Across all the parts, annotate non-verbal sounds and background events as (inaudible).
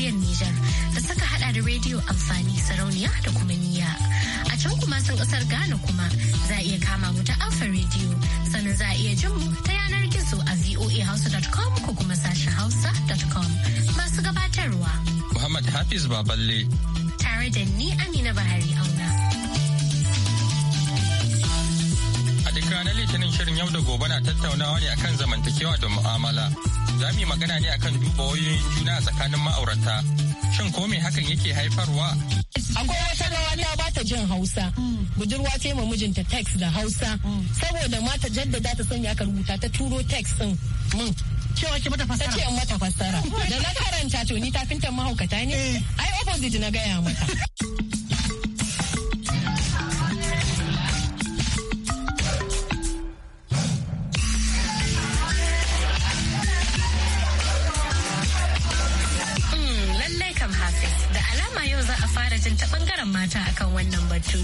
jamhuriyar Nijar da suka hada da rediyo amfani sarauniya da kuma niyya. A can kuma sun kasar Ghana kuma za a iya kama mu ta alfa rediyo sannan za a iya jin mu ta yanar gizo a voahausa.com ko kuma sashen hausa.com masu gabatarwa. Muhammad Hafiz Baballe. Tare da ni Amina Bahari Auna. a duk ranar litinin shirin yau da gobe na tattaunawa ne akan zamantakewa da mu'amala za mu yi magana ne akan duba wayoyin juna tsakanin ma'aurata. Shin ko me hakan yake haifarwa? Akwai wata rawa na ba ta jin Hausa. Budurwa ce ma mijinta text da Hausa. Saboda mata jaddada ta sanya ka rubuta ta turo text din mun. cewa mata fassara. in mata fassara. Da na karanta to ni tafintan mahaukata ne. Eh. Ai opposite na gaya mata. jin ta bangaren mata akan wannan batu.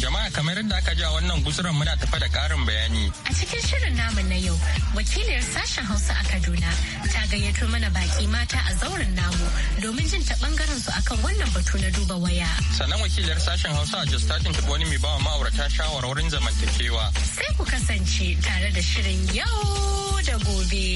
Jama'a kamar yadda aka a wannan gusuran muna tafa da karin bayani. A cikin shirin namu na yau, wakiliyar sashen Hausa a Kaduna ta gayyato mana baki mata a zauren namu domin jin ta bangaren su akan wannan batu na duba waya. Sannan wakiliyar sashen Hausa a Jos ta tuntuɓi wani mai bawa ma'aurata shawarwarin zamantakewa. Sai ku kasance tare da shirin yau da gobe.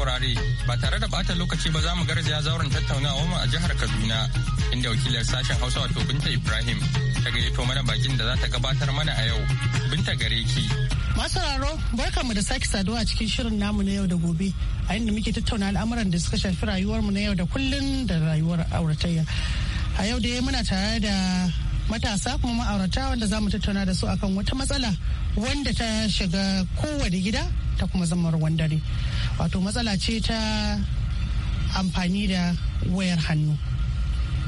saurare ba tare da bata lokaci ba za mu garzaya zauren tattaunawa mu a jihar Kaduna inda wakilar sashen Hausa wato Binta Ibrahim ta gayyato mana bakin da za ta gabatar mana a yau. Binta gare ki. Masararo barka mu da sake saduwa a cikin shirin namu na yau da gobe a inda muke tattauna al'amuran da suka shafi rayuwar mu na yau da kullun da rayuwar auratayya. A yau dai muna tare da matasa kuma ma'aurata wanda za mu tattauna da su akan wata matsala wanda ta shiga kowane gida ta kuma zama ruwan dare wato matsala ce ta amfani da wayar hannu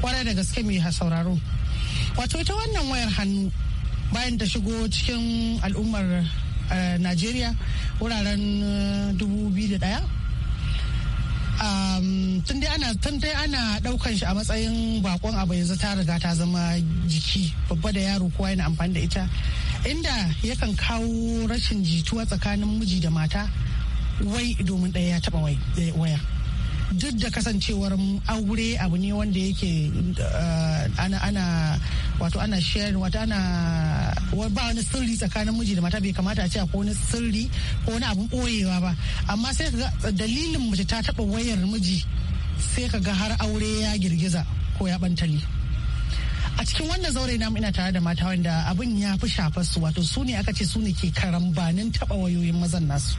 kwarai da gaske mai sauraro wato ita wannan wayar hannu bayan ta shigo cikin al'ummar eh, najeriya wuraren 2001 eh, tun dai ana tun dai ana daukan shi a matsayin bakon abu yanzu ta riga ta zama jiki babba da yaro kowa yana amfani da ita inda yakan kawo rashin jituwa tsakanin miji da mata wai domin ɗaya ya taɓa eh, waya duk da kasancewar aure abu ne wanda yake eh, ana wato ana sharing wato ana ba wani sirri tsakanin miji da mata bai kamata a ce ko wani sirri ko wani abun boyewa ba amma sai ka dalilin mace ta taba wayar miji sai ka ga har aure ya girgiza ko ya bantali a cikin wannan zaure namu ina tare da mata wanda abin ya fi shafar su wato su ne aka ce su ne ke karambanin taba wayoyin mazan nasu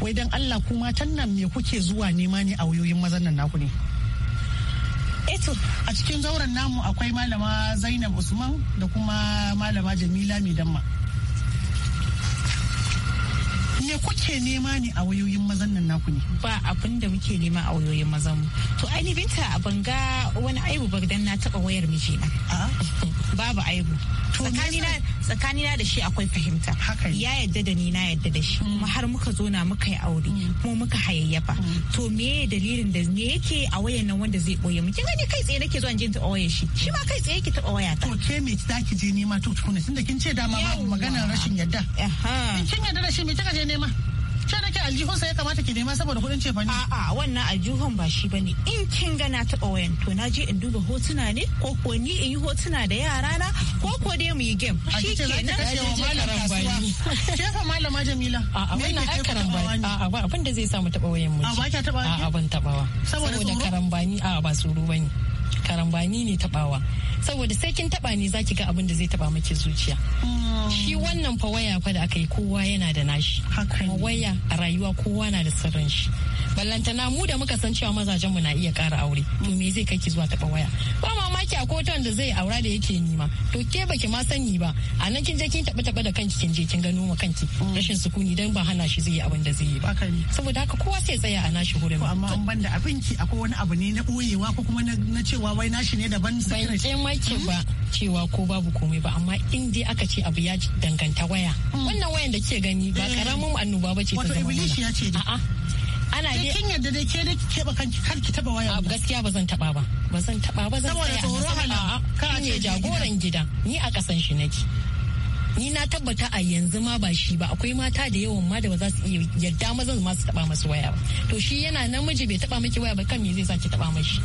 wai dan Allah ku matan nan me kuke zuwa nema ne a wayoyin mazan nan naku ne eto eh a cikin zauren namu akwai malama Zainab Usman da kuma malama Jamila Mai Damma je kuke nema ne a wayoyin mazan nan naku ne ba abin da muke nema a wayoyin mazan mu to aini binta a banga wani aibu ba dan na taba wayar mijina (laughs) babu aibu tsakanina da shi akwai fahimta ya yadda da ni na yadda da shi kuma har muka zo na muka yi aure mm. kuma muka hayayyafa mm. to me dalilin da me yake a wayan nan wanda zai boye mu kin gani kai tsaye nake zuwa jin taɓa wayar shi shi ma kai tsaye yake taɓa waya ta to ke me ki je nema to tukuna tunda kin ce dama babu maganar rashin yadda kin yadda da shi me kika je nema nema ce nake aljihun aljihunsa ya kamata ki nema saboda kuɗin cefane. A'a wannan aljihun ba shi bane in kin ga na taɓa wayan to na je in duba hotuna ne ko ko ni in yi hotuna da yara na ko ko dai mu yi game. Shi ke nan shefa malama Jamila. A'a wannan ai karambani. A'a ba abin da zai sa mu taɓa wayan mu. A'a ba ki taɓa. A'a ban taɓawa. Saboda karambani a'a ba tsoro bane. Karambani ne taɓawa. saboda sai kin taba ne zaki ga abin da zai taba miki zuciya shi wannan fa waya fa da aka yi kowa yana da nashi kuma waya a rayuwa kowa na da sirrin shi ballantana mu da muka san cewa mazajen mu na iya ƙara aure to me zai kai ki zuwa taba waya ba mamaki a koton da zai aura da yake nima to ke baki ma sani ba a nan kin je kin taba taba da kanki kin je kin gano ma kanki rashin sukuni dan ba hana shi zai yi abin da zai yi ba saboda haka kowa sai tsaya a nashi hurin amma an banda abinki akwai wani abu ne na boyewa ko kuma na cewa wai nashi ne daban sai mamakin ba cewa ko babu komai ba amma in dai aka ce abu ya danganta waya hmm. wannan wayan da ke gani ba eh. karamin annoba ba ce ta zama a'a ana dai kin yadda dai ke dai ke ba kanki kar ki taba waya gaskiya ba zan taba ba ba zan taba ba zan tsaya saboda tsoro hala ka ne jagoran gida ni a kasan shi nake ni na tabbata a yanzu ma ba shi ba akwai mata da yawan ma da ba za su iya yadda mazan zama su taba masu waya ba to shi yana namiji bai taba miki waya ba kan me zai sa ki taba mashi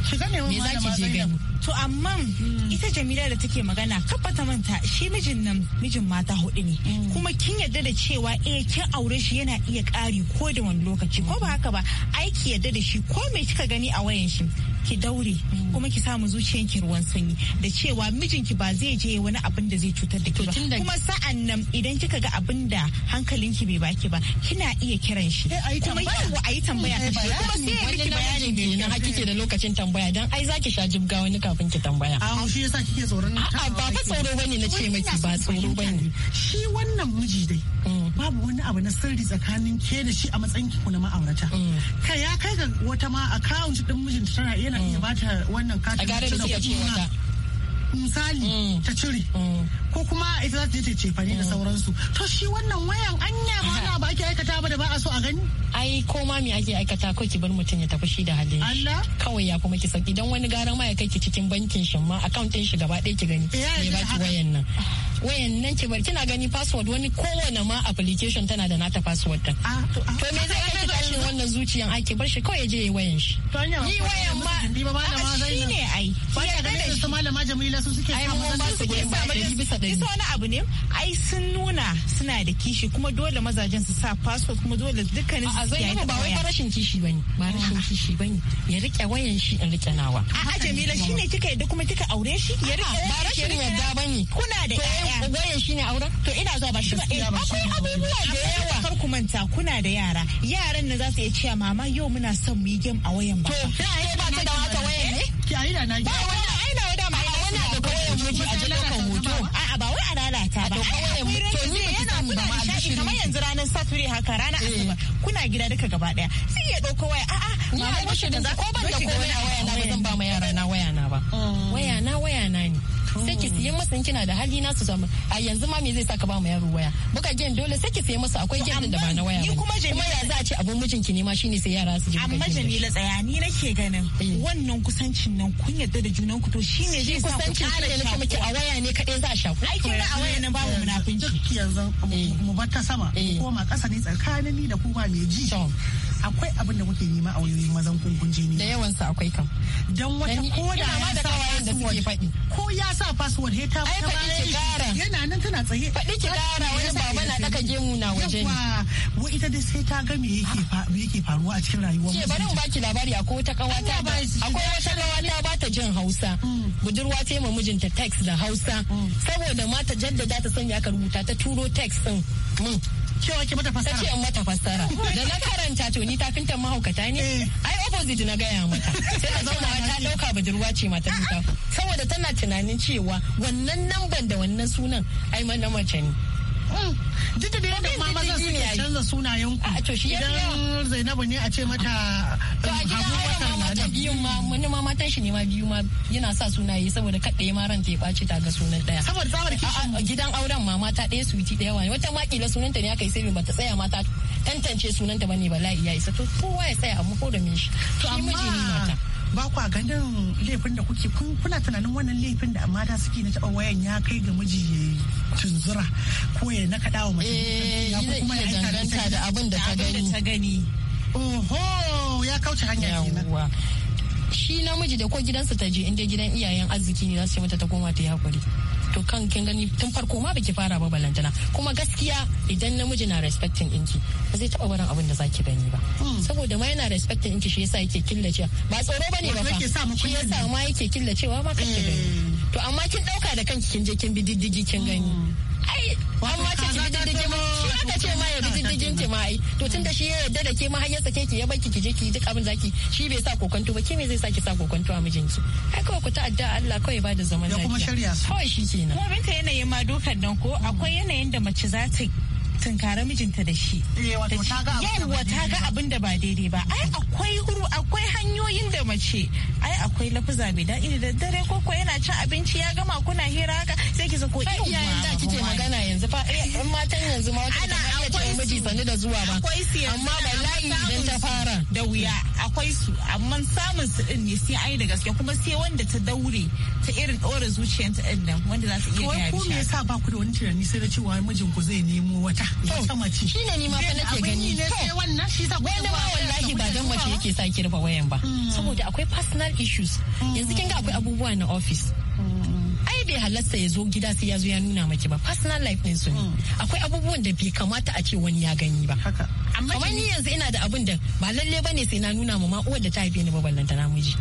me za ki je gani to amma hmm. ita Jamila da take magana kabbata manta shi mijin nan mijin mata hudu ne hmm. kuma kin yadda da cewa eh kin aure shi yana iya kari ko da wani lokaci ko ba haka ba aiki yadda da shi ko me kika gani a wayan shi ki daure kuma ki samu zuciyanki ruwan sanyi da cewa mijinki ba zai je wani abin da zai cutar da ki ba kuma sa'an nan idan kika ga abin da hankalinki bai baki ba kina iya kiran shi eh, kuma yawa ayi tambaya ka eh, shi kuma sai ya miki bayani ne na hakike da lokacin tambaya dan ai zaki sha jibga wani kafin ki tambaya a ah, shi yasa kike tsoron A'a, ba fa tsoro bane na ce miki ba tsoro bane shi wannan miji dai mm. babu wani abu na sirri tsakanin ke da shi a matsayin ki na ma'aurata mm. kai ya kai ga wata ma account din mijinta tana yana iya mm. bata wannan katin da kuɗi misali mm. ta cire mm. ko kuma ita za ta je ce cefane da mm. sauransu to shi wannan wayan anya ba na ba ake aikata ba da ba a so a gani ai ko ma me ake aikata ko ki bar mutum ya tafi shi da halin Allah kawai ya kuma ki sauki dan wani garan ma ya kai ki cikin bankin shin ma account din shi gaba ɗaya ki gani me ba ki wayan nan wayan nan ki bar kina gani password wani kowane ma application tana da nata password din ah, ah. to me zai kai tashin wannan zuciyan ake bar shi kawai je wayan shi ni wayan ma shine ai ba ya ga da su malama Jamila da su suke samu mazan su goyon baya ɗari wani abu ne ai sun nuna suna da kishi kuma dole mazajen su sa passport kuma dole dukkanin su yayi ba wai ba rashin kishi bane ba rashin kishi bane ya rike wayan shi in rike nawa. a Jamila shine kika yadda kuma kika aure shi ya rike ba rashin yadda bane. Kuna da ƴaƴa. Wayan shine auren to ina zuwa ba shi ba eh, akwai abubuwa da yawa. Kar ku manta kuna da yara yaran nan za su iya cewa mama yau muna son mu yi game a wayan ba. To ba ta da wata wayan ne? Ki ayi da na. miki a ji ɗaukan hoto. A'a ba wai a lalata ba. A to ni yana kuna nishaɗi kamar yanzu ranar Saturday haka ranar eh. Asuba kuna gida duka gaba ɗaya. Sai ya ɗauko waya a'a. Mama wacce da za ko ban da komai a waya na ba zan ba ma yara na waya na ba. Mm. Waya na waya na ne. sai ki siye masa in kina da hali na su zama a yanzu ma me zai saka ba mu yaro waya Buka gen dole sai ki siye masa akwai gen da ba na waya kuma ya za a ce abun mijinki ne ma shine sai yara su je amma Jamila tsaya ni nake ganin eh. wannan kusancin nan kun yarda da junan ku to shine zai sa ku kare nake miki a waya ne kadai za a shaku ai kin a waya nan babu eh. munafinci yanzu eh. mu bar ta sama ko ma kasa ne tsakanin ni da kuma me ji akwai abin da kuke yi ma a wayoyin mazan kun je ne da yawan su akwai kan dan wata ko da ya sa password ko ya sa password he ta ki bayan yana nan tana tsaye faɗi ki kara wani baba na daka gemu na waje ne wa ita dai sai ta ga me yake me yake faruwa a cikin rayuwar mu bari mu baki labari akwai wata kawata akwai wata kawata ba ta jin Hausa mm. budurwa ta ma mijinta text da Hausa mm. saboda mata jaddada ta sanya ka rubuta ta turo text din mun mm. cewa ki mata fassara ce in mata fassara da na karanta to ni tafintan mahaukata ne eh. ai opposite na gaya mata sai ta zauna ta dauka (laughs) budurwa ce mata saboda tana tunanin cewa wannan namban da wannan sunan ai mana mace ne Mm. duk da yadda ma maza suke canza sunayen ku idan zainabu ne a ce mata abubakar na da biyun ma wani ma matan shi ne ma biyu ma yana sa sunaye saboda kaɗe ma ran ta ya ɓaci ta ga sunan ɗaya saboda tsabar kishin gidan auren ma mata ɗaya suiti ɗaya wani wata ma kila sunanta ne aka yi sai ba ta tsaya ma ta tantance sunanta bane bala'i ya isa to kowa ya tsaya amma ko da me shi to amma ba kwa ganin laifin da kuke kuna tunanin wannan laifin da mata suke na taɓa wayan ya kai ga miji ya yi tunzura ko ya na kaɗa wa mace eh, ya kuma ya danganta da abin da ta gani oho ya kauce hanya kenan shi namiji da ko gidansa ta je inda gidan iyayen arziki ne za su yi mata ta koma ta yi to kan kin gani tun farko ma baki fara ba balantana kuma gaskiya idan namiji na respecting inki ba zai taɓa barin abin da zaki gani ba hmm. saboda ma yana respecting inki shi yasa yake killacewa ba tsoro bane ba fa shi yasa ma yake killacewa ma kake gani hmm. to amma kin ɗauka da kanki kin je kin bi diddigi kin gani hmm. ai an ce ki bi diddigin ma shi aka ce ma ya bi diddigin ki ma ai to tunda shi ya yarda da ke ma har ya sake ki ya baki ki je ki duk abin zaki shi bai sa kokonto ba ke me zai sa ki sa kokonto a mijinki ai kawai ku ta'adda Allah kawai ba da zaman lafiya ya kuma shari'a kawai shi kenan ko binta yanayin ma dukan nan ko akwai yanayin da mace za ta tunkara mijinta da shi eh, Yawa ta ga abin da ba daidai ba ai akwai huru akwai hanyoyin da mace ai akwai lafuza bai daɗi da daddare ko ko yana cin abinci ya gama kuna hira haka sai ki zako iya yayin da kike magana yanzu fa in eh, matan yanzu ma wata ta iya ce miji sanu da zuwa ba amma ba layi idan ta fara da wuya akwai su amma samun su din ne sai an yi da gaske kuma sai wanda ta daure ta irin ɗora zuciyarta din nan wanda za su iya gaya ko me yasa ba ku da wani tunani sai da cewa mijin ku zai nemo wata ta mace shine ni ma fa nake gani to wannan shi ta wanda ma wallahi ba dan mace yake sa kirba wayan ba hmm. saboda akwai personal issues yanzu kin ga akwai abubuwa na office bai halasta ya zo gida sai ya zo ya nuna maki ba personal life din su ne hmm. akwai abubuwan da bai kamata a ce wani ya gani ba amma kamar ni yanzu ina da abin da ba lalle bane sai na nuna ma uwar da ta haife ni ba ballanta namiji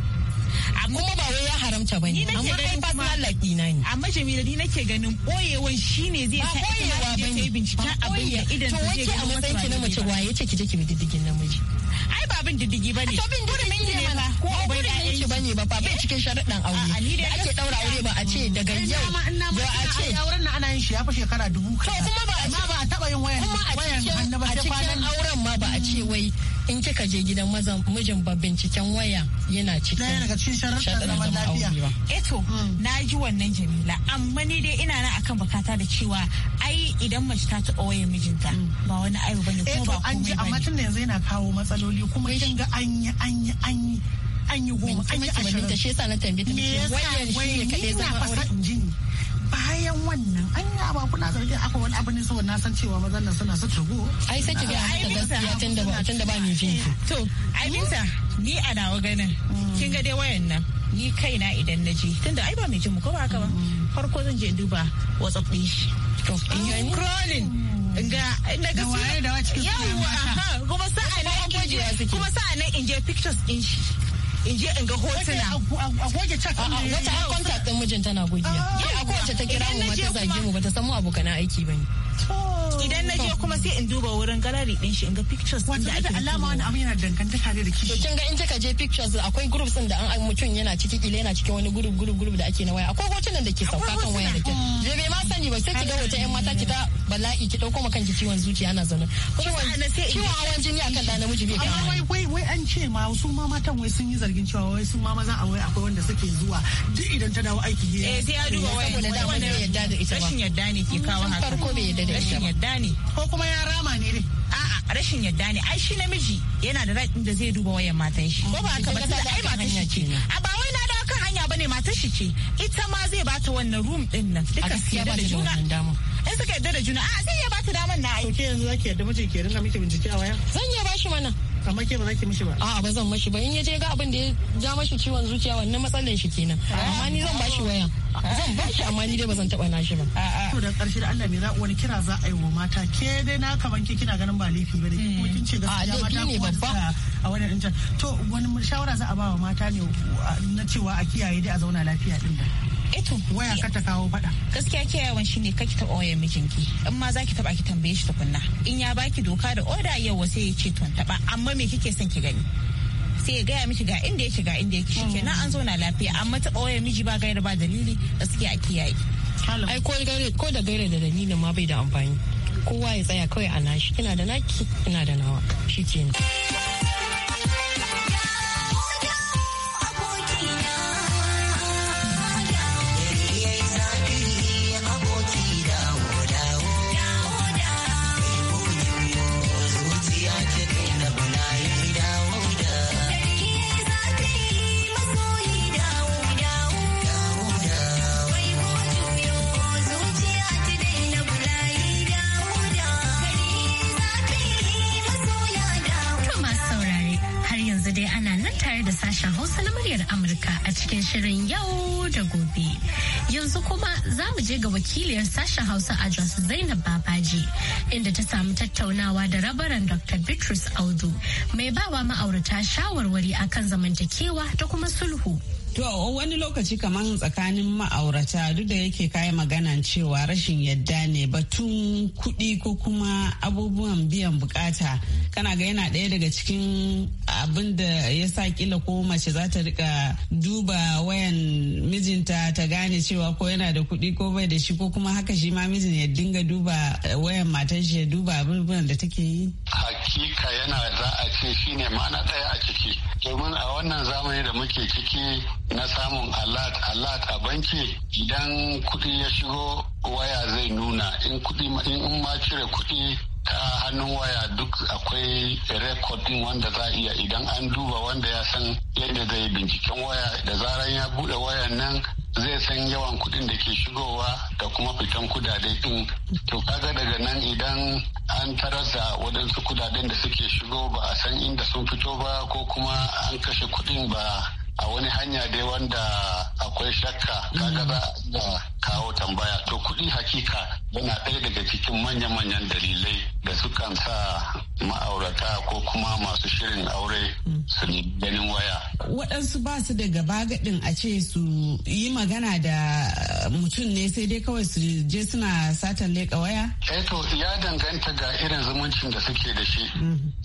amma ba wai ya haramta bane amma kai personal life din ne amma Jamila ni nake ganin boyewan shine zai sa boyewa bane binciken abin da idan to wace a matsayin ki na mace waye ce ki je ki bi diddigin namiji ai ba abin diddigi ba ne. To bin diddigi ne ba. Ko da ƴaƴan shi ne ba fa bai eh? cikin sharuɗan aure. Da ake ɗaura aure ba a ce daga yau. Ba a ce auren na ana yin shi ya fi shekara dubu. To kuma ba a ce ba a taba yin wayan. Kuma a cikin auren ma ba a ce wai in kika je gidan mazan mijin ba binciken waya yana cikin ɗaya daga cikin sharuɗan zaman lafiya eto eh hmm. na ji wannan jamila amma ni dai ina nan akan bukata da cewa ai idan mace ta taɓa wayar mijinta hmm. ba wani aibu bane eh ko ba komai bane amma tun yanzu yana kawo matsaloli kuma wai ga anyi anyi anyi anyi goma anyi ashirin ta shi yasa na tambaye ta wayan shi ne kadai zama aure bayan wannan an yi ba kuna zargin akwai wani abu ne saboda na san cewa mazan nan suna su turgo ai sai ki ga haka gaskiya tunda ba tunda ba mai jin to ai ni a nawa ganin kin ga dai wayan nan ni kaina idan na ji tunda ai ba mai jin ko ba haka ba mm. farko zan je duba whatsapp din shi crawling daga su kuma sa'a in je kuma sa'a in je pictures shi in je in ga hotuna a goge chat din wata a contact din mijin tana gogiya ah, ke a kowace ta kira mu mata zage mu bata san mu abokan aiki bane idan na je kuma sai in duba wurin gallery din shi in ga pictures din da ake alama wani abu yana dangantaka da kishi to kin ga in kika je pictures akwai groups din da an mutum yana ciki kila yana cikin wani group group group da ake na waya akwai hotunan da ke sauka kan waya da ke je bai ma sani ba sai ki ga wata yan mata ki ta bala'i ki dauko maka ciwon zuciya ana zaune ciwon hawan jini akan da namiji bai kama wai wai an ce ma su ma matan wai sun yi zargi jirgin cewa wai sun ma maza a wai akwai wanda suke zuwa duk idan ta dawo aiki ne. eh sai ya duba wai saboda da wanda yadda da ita ba rashin yadda ne ke kawo haka farko bai da ita rashin yadda ne ko kuma ya rama ne ne a'a rashin yadda ne ai shi namiji yana da right da zai duba wayan matan shi ko ba haka ba sai ai matan shi ce a ba wai na dawo kan hanya bane matan shi ce ita ma zai bata wannan room din nan duka su da juna suka yarda da juna a zai iya bata damar na ai. Ke yanzu ki yarda mijin ke rinka miki bincike a waya? Zan iya bashi mana. amma ke ba za ki mishi ba a'a ba zan mashi ba in ya je ga abin da ya ja mashi ciwon zuciya wannan matsalar shi kenan amma ni zan bashi waya zan bashi amma ni dai ba zan taba nashi ba to da karshe da Allah me za wani kira za a yi wa mata ke dai na kaman ke kina ganin ba laifi ba da kuma kin ce hmm. gaskiya mata ne babba a wannan can to wani shawara za a ba wa mata ne na cewa a kiyaye dai a zauna lafiya din da eto eh waya ka ta kawo faɗa gaskiya ne shine ki taɓa wayar mijinki in ma zaki taɓa ki tambaye shi tukunna in ya baki doka da oda yau sai ya ce ton taɓa amma me kike son ki gani sai ya gaya miki ga inda yake ga inda yake na an zo na lafiya amma taɓa wayar miji ba gaira ba dalili gaskiya a kiyaye ai ko da gaira da dalilin ma bai da amfani kowa ya tsaya kawai a nashi ina da naki ina da nawa shi kenan Hausa na muryar Amurka a cikin shirin yau da gobe. Yanzu kuma za mu je ga wakiliyar sashen Hausa a Jos Zainab Babaji inda ta samu tattaunawa da rabaran Dr. Bitrus Audu mai bawa ma'aurata shawarwari akan zamantakewa da kuma sulhu. To wani lokaci kamar tsakanin ma'aurata duk da yake kayi magana cewa rashin yadda ne batun kuɗi ko kuma abubuwan biyan bukata kana ga yana ɗaya daga cikin abin da ya sa kila ko mace za ta rika duba wayan mijinta ta gane cewa ko yana da kuɗi ko bai da shi ko kuma haka shi ma mijin ya dinga duba eh, wayan matan shi ya duba abubuwan da take yi. Hakika yana za a ce shine ma na ɗaya a ciki domin a wannan zamani da muke ciki na samun alert alert a banki idan kuɗi ya shigo waya zai nuna in kuɗi in ma cire kuɗi ta hannun waya duk akwai rekodin wanda za iya idan an duba wanda ya san yadda zai binciken waya da zaran ya buɗe wayan nan zai san yawan kuɗin da ke shigowa da kuma fitan kudade din to kaga daga nan idan an tarasa waɗansu kudaden da suke shigo ba a san inda sun fito ba ko kuma an kashe kuɗin ba a wani hanya dai wanda akwai shakka kaga za a kawo tambaya to kuɗi hakika yana ɗaya daga cikin manya-manyan dalilai da sukan sa ma'aurata ko kuma masu shirin aure su ganin waya. Waɗansu ba su da gaba gaɗin a ce su yi magana da mutum ne sai dai kawai su je suna satan leƙa waya? Eto eh ya danganta ga irin zumuncin da suke da shi.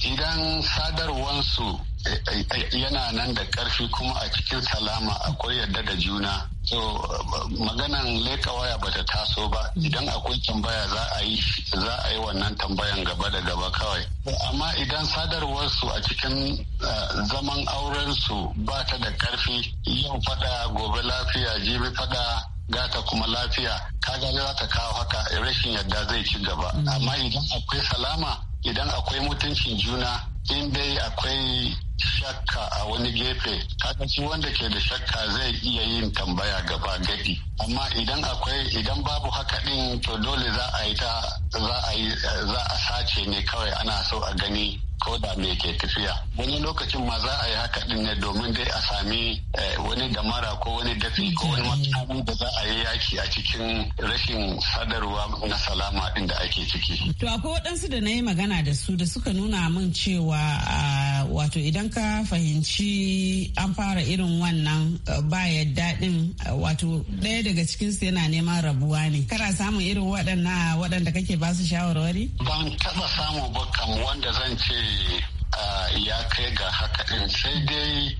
Idan sadarwansu eh, eh, yana nan da ƙarfi kuma a cikin salama akwai yadda da juna To maganan leka waya bata taso ba idan akwai tambaya za a yi za a yi wannan tambayan gaba da gaba kawai amma idan sadarwarsu a cikin eh, zaman aurensu ba ta da karfi yau fada gobe lafiya jibi fada gata kuma lafiya kaga za ta kawo haka rashin yadda zai ci gaba mm. amma idan akwai salama idan akwai mutuncin juna in dai akwai shakka a wani gefe kaga shi wanda ke da shakka zai iya yin tambaya gaba gadi amma idan akwai idan babu haka din to dole za a yi ta za a yi za a sace ne kawai ana so a gani ko da me ke tafiya wani lokacin ma za a yi haka din ne domin dai a sami eh, wani damara ko wani dafi ko wani makami da za a yi yaki a cikin rashin sadarwa na salama din da ake ciki to akwai waɗansu da na yi magana da su da suka nuna min cewa ah, wato idan ka fahimci an fara irin wannan eh, ba ya daɗin eh, wato ɗaya daga cikinsu yana neman rabuwa ne kana samun irin waɗannan waɗanda kake ba su shawarwari ban taɓa samu ba kam wanda zan ce ya kai ga haka ɗin sai dai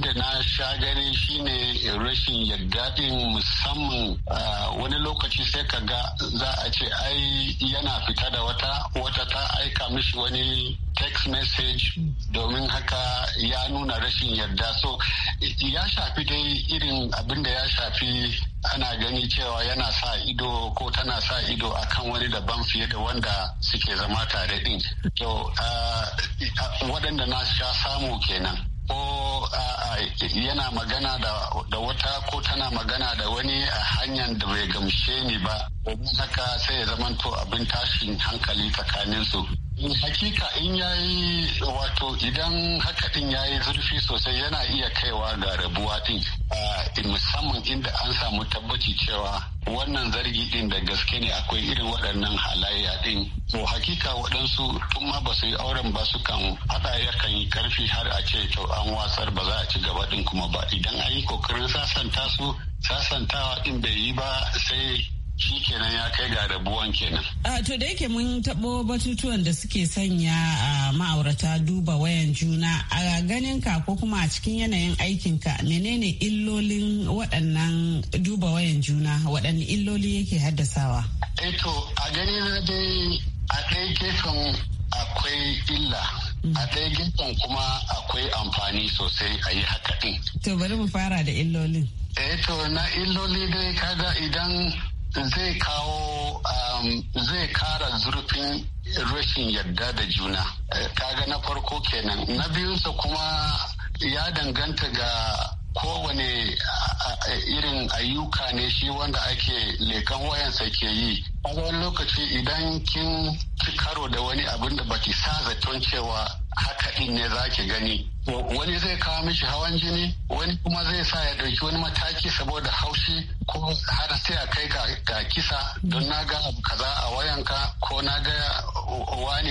da na sha gani shine rashin yadda ɗin musamman wani lokaci sai ka ga za a ce ai yana fita da wata wata ta aika mishi wani text message domin haka ya nuna rashin yarda so ya shafi dai irin abinda ya shafi ana gani cewa yana sa ido ko tana sa ido akan wani daban fiye da wanda suke zama tare din to waɗanda na sha samu kenan ko yana magana da wata ko tana magana da wani a hanyar da bai gamshe ni ba domin haka sai ya zamanto abin tashin hankali tsakaninsu hakika in yayi wato idan haka din yayi zurfi sosai yana iya kaiwa ga rabuwa din musamman inda an samu tabbaci cewa wannan zargi din da gaske ne akwai irin waɗannan halayya din to hakika waɗansu tun ma ba su yi auren ba su kan haɗa ya kan yi karfi har a ce to an wasar ba za a ci gaba din kuma ba idan an yi kokarin sasanta su sasantawa din bai yi ba sai shi kenan ya kai ga rabuwan kenan. A to da yake mun taɓo batutuwan da suke sanya a ma'aurata duba wayan juna a ganin ka ko kuma a cikin yanayin aikinka menene illolin waɗannan duba wayan juna waɗanne illoli yake haddasawa? Eto eh, a gani na dai a ɗaya gefen akwai illa mm. a ɗaya gefen kuma akwai amfani sosai a yi haka ɗin. To bari mu fara da illolin. Eto eh, na illoli dai kaga idan zai kawo um, zai kara zurfin rashin yarda da juna eh, kaga na farko kenan na biyunsa kuma ya danganta ga kowane irin ayyuka ne shi wanda ake lekan wayansa ke yi A wani lokaci idan kin ci karo da wani abin da baki sa zaton cewa haka din ne za ki gani wani zai kawo mishi hawan jini wani kuma zai sa ya ɗauki wani mataki saboda haushi ko har sai a kai ga kisa don na ga kaza a wayanka ko na ga wani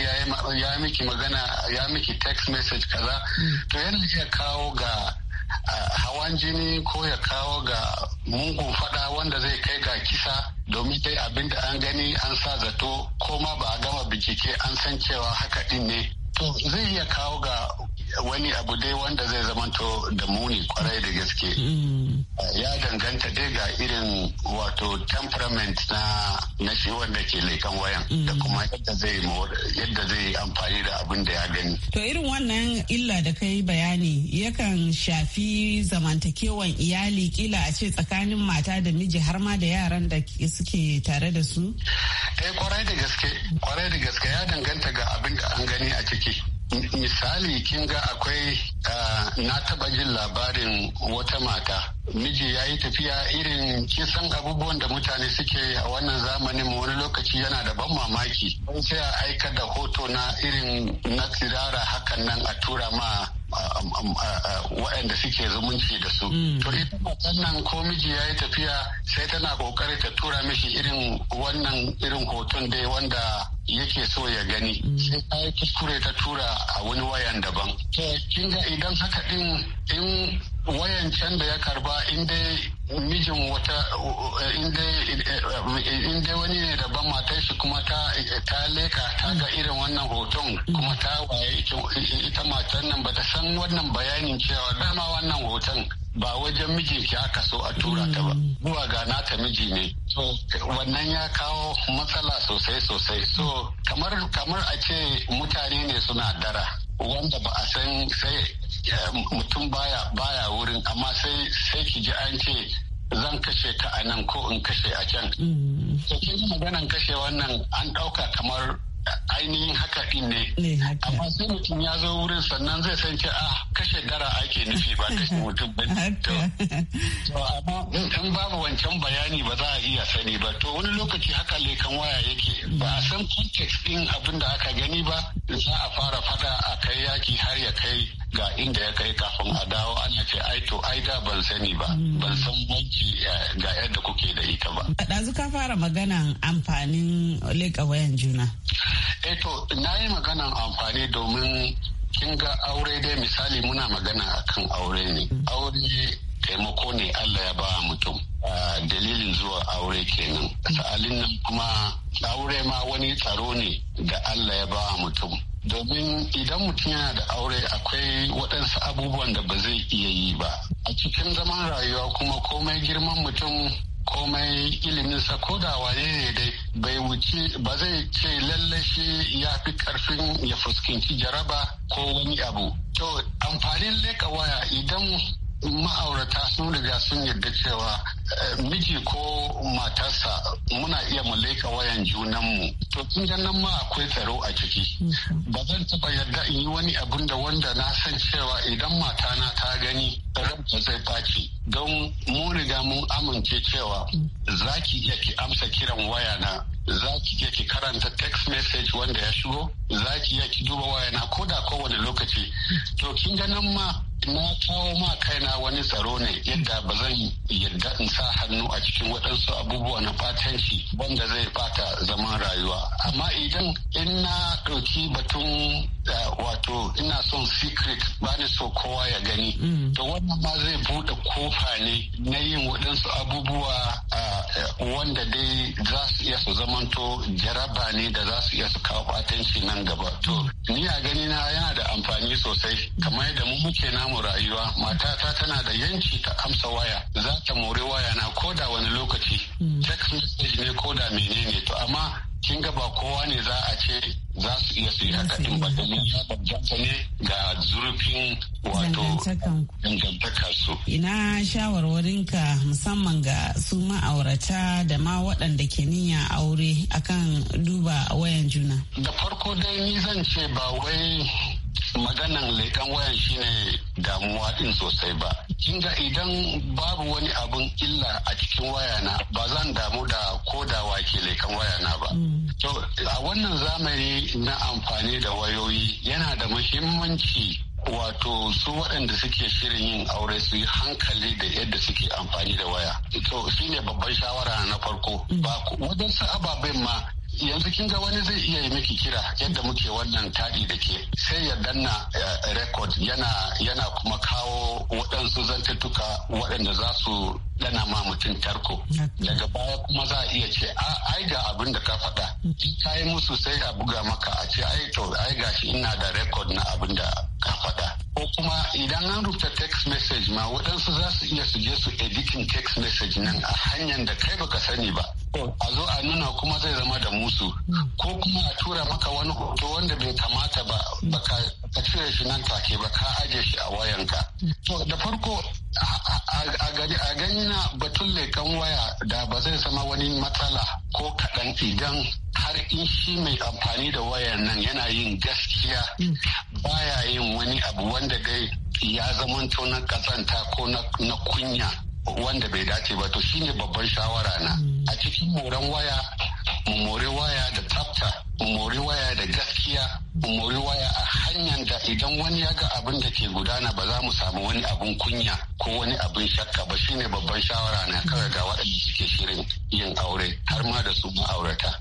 ya miki magana ya miki text message kaza to yana iya kawo ga hawan jini ko ya kawo ga mugun fada wanda zai kai ga kisa domin dai abinda an gani an sa zato ko ma ba a gama bincike an san cewa haka din ne zai iya kawo ga wani abu dai wanda zai zamanto da muni kwarai da gaske hmm. ya danganta dai ga irin wato temperament na na shi wanda ke lekan wayan hmm. da kuma yadda zai yadda zai amfani da abin da ya gani to irin wannan illa da kai bayani yakan shafi zamantakewan iyali kila a ce tsakanin mata da miji har ma da yaran da suke tare da su sai eh, kwarai da gaske kwarai da gaske ya danganta ga abin da an gani a ciki misali kin ga akwai ah, na taba jin labarin wata mata miji ya yi tafiya irin kisan abubuwan da mutane suke a wannan zamanin wani lokaci yana da ban mamaki sai a aika da hoto na irin na tsirara hakan nan a tura ma waɗanda suke zumunci da su. Mm. To ita wannan ko miji ya yi tafiya sai tana kokari ta tura mishi irin wannan irin hoton dai wanda yake so ya gani. Mm. Sai ta yi kuskure ta tura a wani wayan daban. To kinga idan haka ɗin in Wayan can da ya karba inda mijin wata inda wani ne daban matar shi kuma ta leka ta ga irin wannan hoton kuma ta waye ita matar nan ba ta san wannan bayanin cewa dama wannan hoton ba wajen mijinki aka so a tura ta ba zuwa ga nata miji ne so wannan ya kawo matsala sosai sosai so kamar a ce mutane ne suna dara wanda ba a san sai eh, mutum baya baya wurin amma sai sai ki ji an ce zan kashe ka a nan ko in kashe a can. Cikin mm. maganan kashe wannan an ɗauka kamar ainihin haka ɗin ne eh, amma sai mutum ya zo wurin sannan zai san ce a ah, kashe dara ake nufi ba kashe (laughs) mutum ba to amma in babu wancan bayani ba za a iya sani ba to wani lokaci haka lekan waya yake ba a san context din abin da aka gani ba za a fara faɗa a kai yaki har ya kai ga inda ya kai kafin a dawo ana ce ai to ai da ban sani ba ban san banki eh, ga yadda kuke da ita ba ɗazu ka fara maganan amfanin leƙa wayan juna eh to na yi maganan amfani domin kin ga aure dai misali muna magana akan aure ne aure taimako ne Allah ya ba mutum dalilin zuwa aure kenan sa'alin nan kuma aure ma wani tsaro ne da Allah ya ba mutum domin idan mutum yana da aure akwai waɗansu abubuwan da ba zai iya yi ba a cikin zaman rayuwa kuma komai girman mutum komai iliminsa ko da waye ne dai bai wuce ba zai ce lallashi shi ya fi karfin ya fuskanci jaraba ko wani abu to amfanin leka waya idan ma'aurata sun riga sun yarda cewa eh, miji ko matarsa muna iya mu mallaka wayan junanmu to kin ga nan ma akwai tsaro a ciki mm-hmm. ba zan taba yarda in yi wani abun da wanda na san cewa idan matana ta gani ranta zai faci don mu riga mun amince cewa mm-hmm. za ki iya ki amsa kiran waya na za ki iya ki karanta text message wanda ya shigo za ki iya ki duba waya na ko da kowane lokaci mm-hmm. to kin ga nan ma na kawo ma kaina wani tsaro ne yadda ba zan yarda in sa hannu a cikin waɗansu abubuwa na fatanci wanda zai bata zaman rayuwa amma idan in na ɗauki batun eh, wato ina son secret ba ni so kowa ya gani mm. to wannan ma zai buɗe kofa ne na yin waɗansu abubuwa eh, wanda dai za su iya su zamanto jaraba ne da za su iya su kawo batanci nan gaba to ni a gani na yana da amfani sosai kamar yadda mu muke namu samun rayuwa matata tana da yanci ta amsa waya za ta more waya na koda wani lokaci mm. text message ne koda menene to amma kin ga ba kowa ne za a ce za su iya su yi haka din ba ni ya bambanta ne ga zurfin wato dangantakar su. Ina shawarwarinka musamman ga su ma'aurata da ma waɗanda ke niyya aure akan duba wayan juna. Da farko dai ni zan ce ba wai maganan leƙen wayan shine damuwa din sosai ba Kin ga idan babu wani abun illa a cikin waya na. ba zan damu da ko da wake leƙen na ba mm. to a wannan zamani na amfani da wayoyi yana da muhimmanci wato su waɗanda suke shirin yin aure su yi hankali da yadda suke amfani da waya to shi ne babban shawara na farko mm. ba wajen ababen ma yanzu kin ga wani zai iya yi miki kira yadda muke wannan tadi da ke sai ya danna eh, record yana kuma kawo waɗansu zantattuka waɗanda za su yana ma mutum tarko daga baya kuma za a iya ce ai ga abin da ka faɗa ka yi musu sai a buga maka a ce ai to ai ga shi ina da rekod na abin da ka faɗa ko kuma idan an rubuta text message ma waɗansu za su iya su je su editing text message nan a hanyar da kai baka sani ba a zo a nuna kuma zai zama da musu hmm. ko kuma a tura maka wani hoto wanda bai kamata ba baka ka cire shi nan take ba ka aje shi a wayanka to da farko a gani na batun lekan waya da ba zai zama wani matsala ko kaɗan idan har in shi mai amfani da wayan nan yana yin gaskiya mm. baya yin wani abu wanda dai ya zamanto na kazanta ko na kunya wanda bai dace ba to shine babban shawara na a cikin moran waya mu more waya da tsafta mu more waya da gaskiya mu more waya a hanyar da idan wani ya ga abin da ke gudana ba za mu samu wani abin kunya ko wani abin shakka ba shine babban shawara na kawai ga waɗanda suke shirin yin aure har ma da su ma'aurata.